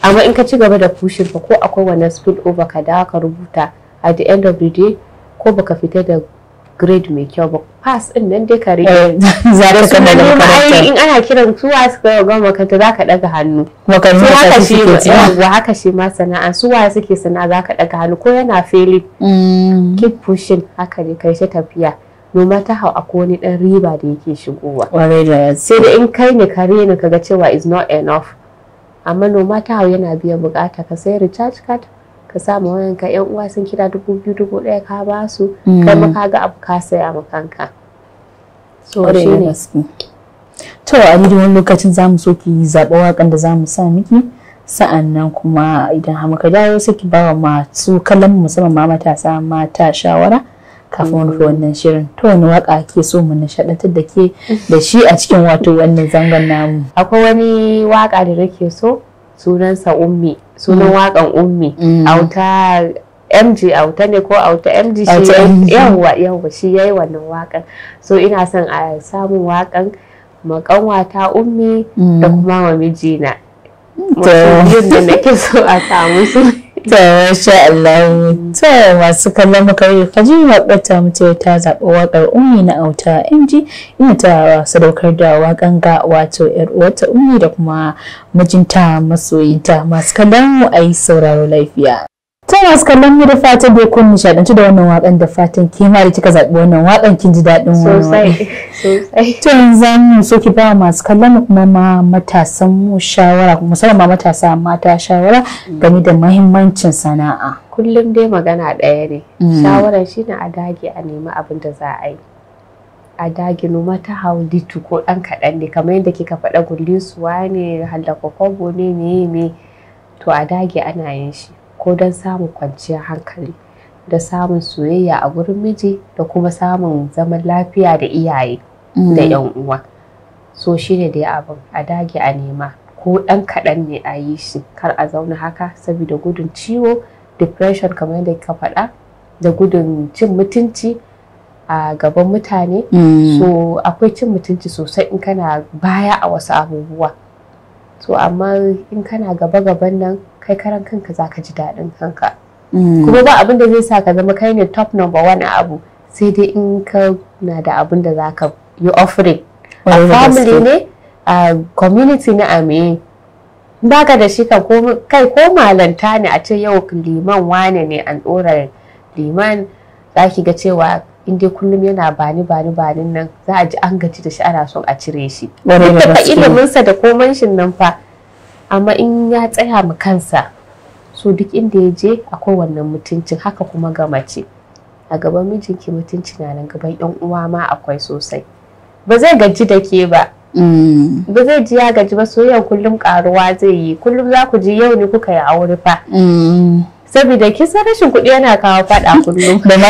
Speaker 2: amma in ka ci gaba da pushin fa ko akwai wannan spill over ka dawo ka rubuta at the end of the day ko baka fita da grade mai kyau ba pass din nan dai ka rike eh, *laughs* zare ka da makaranta in ana kiran suwa su ga ga makaranta zaka daga hannu makaranta haka shi yawa haka shi ma sana'a suwa suke sana'a zaka daga hannu ko yana failing mm. keep pushing haka ne kai tafiya no matter how akwai wani dan riba da yake shigowa sai da in kai ne kare ni kaga cewa is not enough amma no matter how yana biyan bukata ka sai recharge card ka samu wayan ka yan uwa sun kira dubu biyu dubu ɗaya ka ba su mm. kai ma ga abu ka saya ma kanka so shine
Speaker 1: to a yi wani lokacin za mu so ki zaɓa waƙan da zamu mu sa miki sa'annan kuma idan muka dawo sai ki wa masu kallon musamman ma matasa mata shawara kafin wani wannan shirin ta wani waka ke so mu nishadantar da ke da shi a cikin
Speaker 2: wato wannan zangon namu akwai wani waka da nake so sunansa ummi sunan mm. wakan ummi mm. auta mg auta ne ko auta mg shi yawwa yawwa shi yayi wannan wakan so ina son a samu wakan makanwata ummi da mm. kuma wa mijina mutum da nake so a samu su *laughs*
Speaker 1: ya masha Allah to masu kallon muka yi
Speaker 2: Khadija
Speaker 1: ta mutum ta zaɓi waƙar Ummi na Auta MG ina ta sadaukar da waƙan ga wato yar uwarta Ummi da kuma mijinta masoyinta masu kallon mu a yi sauraro lafiya ta masu kallon mu da fatan bai kun nishadanci da wannan wakan da fatan ke ma da kika zaɓi wannan wakan kin ji daɗin wannan to yanzu mu so ki ba masu kallon mu kuma ma matasan mu shawara musamman ma matasa mata shawara game da mahimmancin sana'a
Speaker 2: kullum dai magana ɗaya ne mm. shawarar shine a dage a nemi abin da za a yi a dage no mata how little ko ɗan kaɗan ne kamar yadda kika faɗa gullisuwa ne hallaka kobo ne me to a dage ana yin shi ko don samun kwanciyar hankali da samun soyayya a gurin miji da kuma samun zaman lafiya da iyaye da yan mm. uwa so shi ne dai abin a dage a nema ko ɗan kaɗan ne a yi shi kar a zauna haka saboda gudun ciwo depression kamar yadda ka faɗa da gudun cin mutunci a gaban mutane mm. so akwai cin mutunci sosai in kana baya a wasu abubuwa To amma in kana gaba gaban nan kai karan kanka za ka ji daɗin kanka mm. kuma ba abin da zai sa ka zama kai ne top number one a abu sai dai in ka na da abin da za ka yi offering a family ne a community ne a meye baka da shi ka kai ko malanta ne a ce yau liman wane ne an ɗora liman za ki ga cewa in kullum yana bani bani bani nan za a ji an gaji da shi ana son a cire shi ilimin iliminsa da koman shin nan fa amma in ya tsaya mu kansa so duk inda ya je akwai wannan mutuncin haka kuma ga mace a gaban mijinki mutunci na nan gaban yan uwa ma akwai sosai ba zai gaji da ke ba mm. ba zai ji ya gaji ba soyayyar kullum karuwa zai yi kullum za ku ji yau ne kuka yi aure fa mm. saboda kin san rashin kuɗi yana kawo faɗa kullum da ma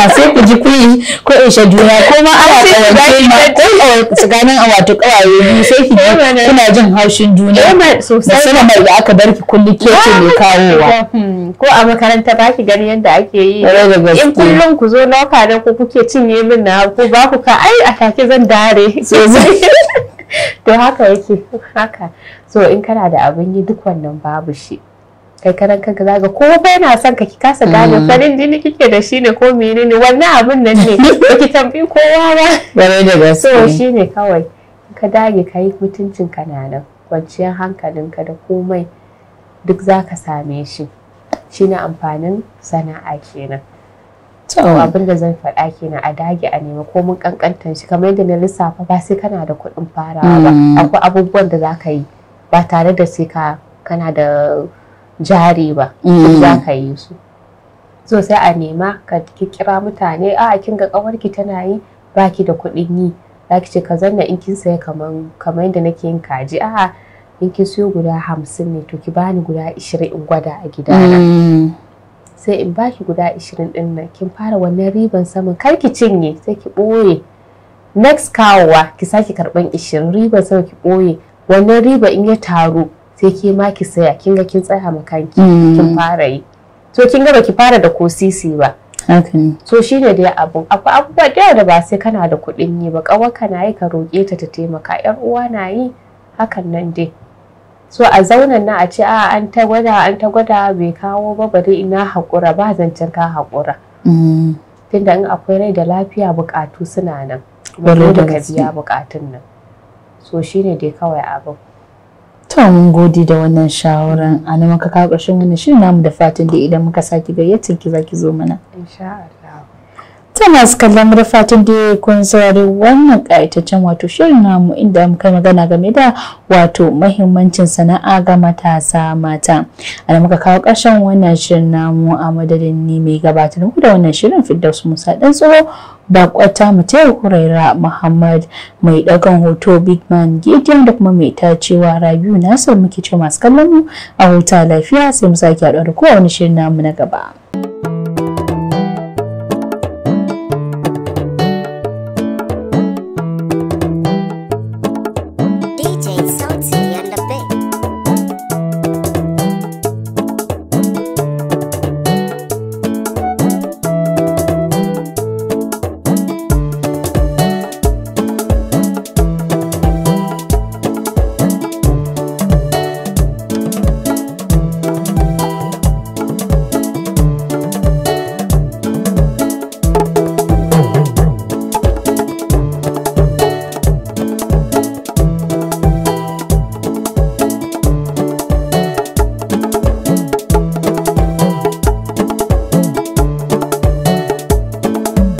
Speaker 2: ha sai
Speaker 1: ku ji kuyi ko in sha juna ko ma ana wani ma ko tsakanin a wato ƙawaye biyu sai ki ji eh, kuna jin haushin juna eh, musamman mai da aka barki ki kullum ke ce mai ah, kawowa
Speaker 2: hmm, ko a makaranta ba ki gani yadda ake yi in kullum ku zo loka da ku kuke cinye min na ku ba ku ka ai a take zan dare *laughs* to haka yake haka so in kana da abin yi duk wannan babu shi kai karan kanka ga ko ba yana son ka ki kasa gane mm. farin jini kike da shi ne ko menene wannan abin nan ne ki tambi kowa
Speaker 1: ba game da gaske
Speaker 2: ne kawai ka dage ka yi mutuncin ka nan kwanciyar hankalinka da komai duk za ka same shi shine amfanin sana'a kenan to abin da zan faɗa kenan a dage a nema ko mun kankantar shi kamar yadda na lissafa ba sai kana da kuɗin farawa ba mm. akwai abubuwan da za ka yi ba tare da sai ka kana da jari ba mm. za ka yi su so sai a nema ka kira mutane a kin ga kawarki tana yi baki da kuɗin yi Za ki ce ka zanna in kin saya kamar yadda nake yin kaji a in kin siyo guda hamsin ne to ki bani guda ishirin in gwada a gida mm. sai in baki guda ishirin din nan kin fara wannan riban saman kar ki cinye sai ki ɓoye next kawowa ki sake karɓan ishirin riban saman ki ɓoye wannan riba in ya taru sai ke ma ki saya kin ga kin tsaya ma kanki mm. kin fara yi to kin ga baki fara da kosisi sisi ba so shine dai abun akwai abubuwa da yawa da ba sai kana da kuɗin yi ba ƙawarka na yi ka roƙe ta ta taimaka yar uwa na yi hakan nan dai so a zaunan na a ce a an ta gwada an ta gwada bai kawo ba bari ina haƙura ba zancen ka haƙura mm. tunda in akwai rai da lafiya bukatu suna nan kuma da ka bukatun nan so shine dai kawai abin
Speaker 1: mun gode da wannan shawaran a nan maka kawo ƙarshen wannan shirin namu da fatan da idan muka sake gayyatar ki zaki zo mana.
Speaker 2: Insha Allah.
Speaker 1: ta masu kallon rufatin da ya kun saurari wannan ƙayataccen wato shirin namu inda muka magana game da wato mahimmancin sana'a ga matasa mata ana muka kawo ƙarshen wannan shirin namu a madadin ne mai gabatar muku da wannan shirin firdaus musa ɗan tsoro bakwata mutayar kuraira muhammad mai ɗaukan hoto big man gideon da kuma mai tacewa rabiu nasir muke ce masu kallon mu a huta lafiya sai mu sake haɗuwa da kowane shirin namu na gaba.